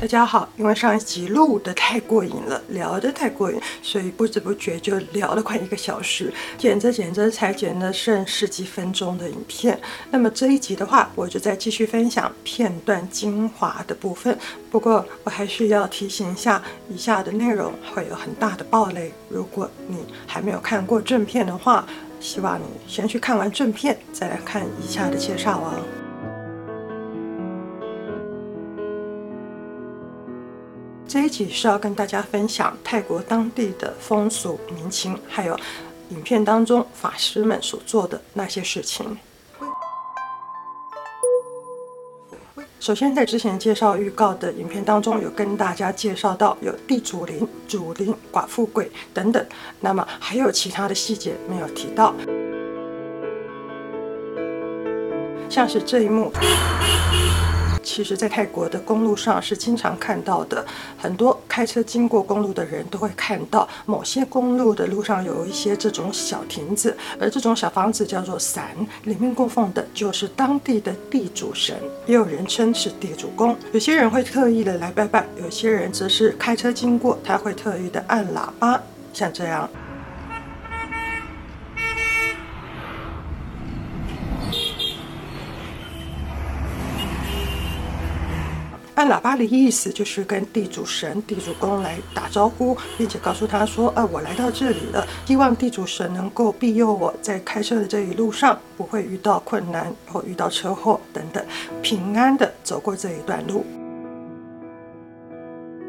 大家好，因為上一集錄的太過癮了，聊的太過癮，所以不知不覺就聊了快一個小時，剪着剪着才剪了剩十幾分鐘的影片。那麼這一集的話，我就再繼續分享片段精華的部分。不過我還是要提醒一下，以下的內容會有很大的暴雷，如果你還沒有看過正片的話，希望你先去看完正片，再來看以下的介紹哦。這一集是要跟大家分享泰國當地的風俗民情，還有影片當中法師們所做的那些事情。首先，在之前介紹預告的影片當中，有跟大家介紹到有地主靈、主靈、寡婦鬼等等，那麼還有其他的細節沒有提到，像是這一幕。其實，在泰國的公路上是經常看到的，很多開車經過公路的人都會看到，某些公路的路上有一些這種小亭子，而這種小房子叫做傘，裡面供奉的就是當地的地主神，也有人稱是地主公。有些人會特意的來拜拜，有些人則是開車經過，他會特意的按喇叭，像這樣。按喇叭的意思就是跟地主神、地主公來打招呼，並且告訴他說：“呃、啊，我來到這裡了，希望地主神能夠庇佑我在開車的這一路上不會遇到困難或遇到車禍等等，平安的走過這一段路。嗯”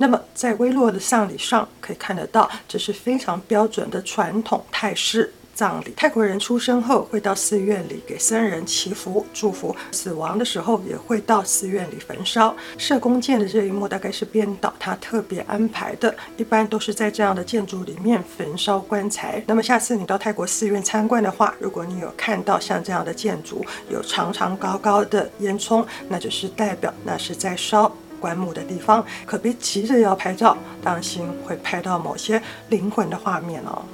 那麼在微弱的喪禮上,上可以看得到，這是非常標準的傳統泰式。葬禮，泰國人出生後會到寺院裡給僧人祈福祝福，死亡的時候也會到寺院裡焚燒。射弓箭的這一幕大概是編導他特別安排的，一般都是在這樣的建築裡面焚燒棺材。那麼下次你到泰國寺院參觀的話，如果你有看到像這樣的建築，有長長高高的煙囪，那就是代表那是在燒棺木的地方。可別急着要拍照，當心會拍到某些靈魂的畫面哦。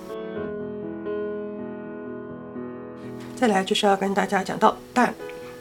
再來就是要跟大家講到蛋，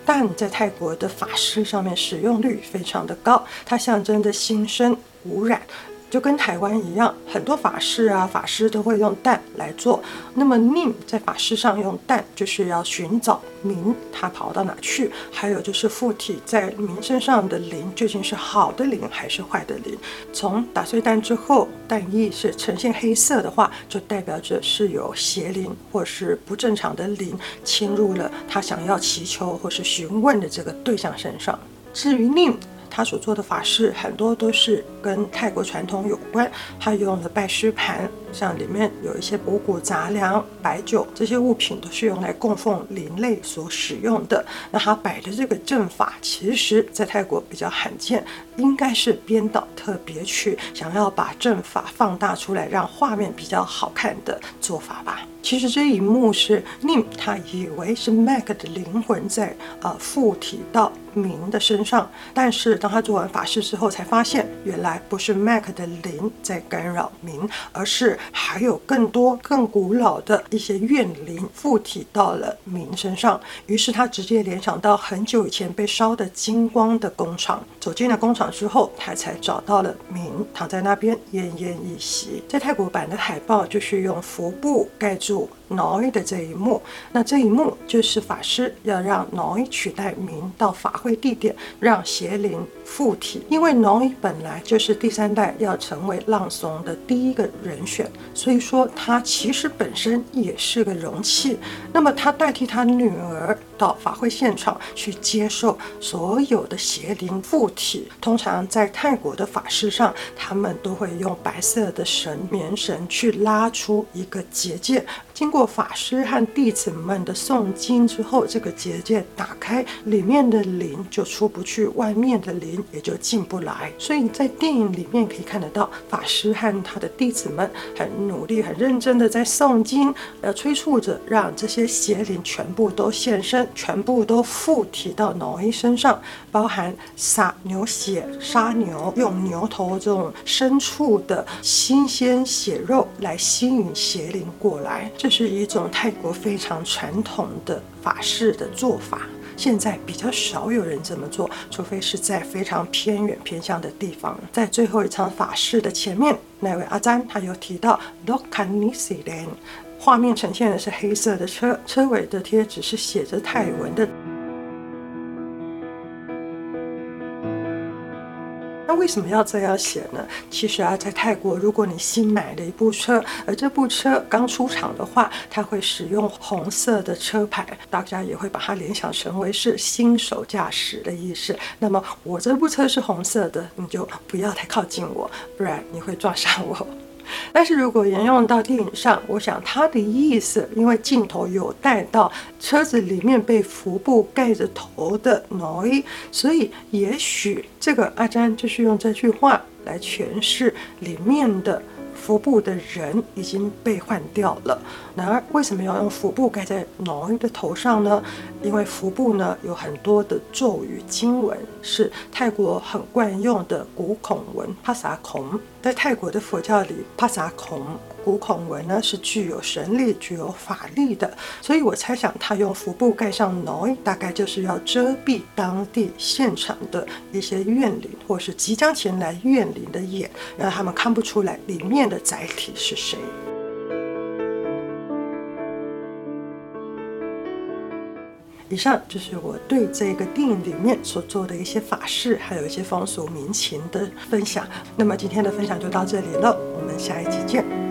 蛋在泰國的法事上面使用率非常的高，它象徵着新生、無染。就跟台灣一樣，很多法師啊，法師都會用蛋來做。那麼，Nim 在法事上用蛋，就是要尋找靈，它跑到哪去；還有就是附體在靈身上的靈，究竟是好的靈還是壞的靈。從打碎蛋之後，蛋液是呈現黑色的話，就代表着是有邪靈或是不正常的靈侵入了他想要祈求或是詢問的這個對象身上。至於 Nim。他所做的法事很多都是跟泰國傳統有關，他用了拜師盤。像裡面有一些五穀雜糧、白酒這些物品，都是用來供奉靈類所使用的。那他擺的這個陣法，其實，在泰國比較罕見，應該是編導特別去想要把陣法放大出來，讓畫面比較好看的做法吧。其實這一幕是寧，他以為是 Mac 的靈魂在啊、呃、附體到明的身上，但是當他做完法事之後，才發現原來不是 Mac 的靈在干擾明，而是。還有更多更古老的一些怨靈附體到了敏身上，於是他直接聯想到很久以前被燒得精光的工廠。走進了工廠之後，他才找到了敏躺在那邊奄奄一息。在泰國版的海報就是用佛布蓋住。挪威的這一幕，那這一幕就是法師要讓挪威取代明到法會地點，讓邪靈附體。因為挪威本來就是第三代要成為浪松的第一個人選，所以說他其實本身也是個容器。那麼他代替他女兒。到法會現場去接受所有的邪靈附體。通常在泰國的法師上，他們都會用白色的繩棉繩去拉出一個結界。經過法師和弟子們的誦經之後，這個結界打開，裡面的靈就出不去，外面的靈也就進不來。所以在電影裡面可以看得到，法師和他的弟子們很努力、很認真地在誦經，呃，催促着讓這些邪靈全部都現。本身全部都附體到某一身上，包含殺牛血、殺牛用牛頭這種牲畜的新鮮血肉來吸引邪靈過來，這是一種泰國非常傳統的法事的做法。現在比較少有人這麼做，除非是在非常偏遠偏鄉的地方。在最後一場法事的前面，那位阿詹他有提到洛卡尼西連。畫面呈現的是黑色的車，車尾的貼紙是寫着泰文的。那為什麼要這樣寫呢？其實啊，在泰國，如果你新買了一部車，而這部車剛出廠的話，它會使用紅色的車牌，大家也會把它聯想成為是新手駕駛的意思。那麼我這部車是紅色的，你就不要太靠近我，不然你會撞上我。但是如果沿用到電影上，我想他的意思，因為鏡頭有帶到車子裡面被佛布蓋着頭的挪威。所以也許這個阿詹就是用這句話來詮釋裡面的佛布的人已經被換掉了。然而，為什麼要用佛布蓋在挪威的頭上呢？因為佛布呢有很多的咒語經文，是泰國很慣用的古孔文帕薩孔。在泰國的佛教裡，帕薩孔古孔文呢是具有神力、具有法力的，所以我猜想他用腹部蓋上腦，大概就是要遮蔽當地現場的一些怨靈，或是即將前來怨靈的眼，讓他們看不出來裡面的載體是誰。以上就是我對這個電影裡面所做的一些法事，還有一些風俗民情的分享。那麼今天的分享就到這裡了，我們下一期見。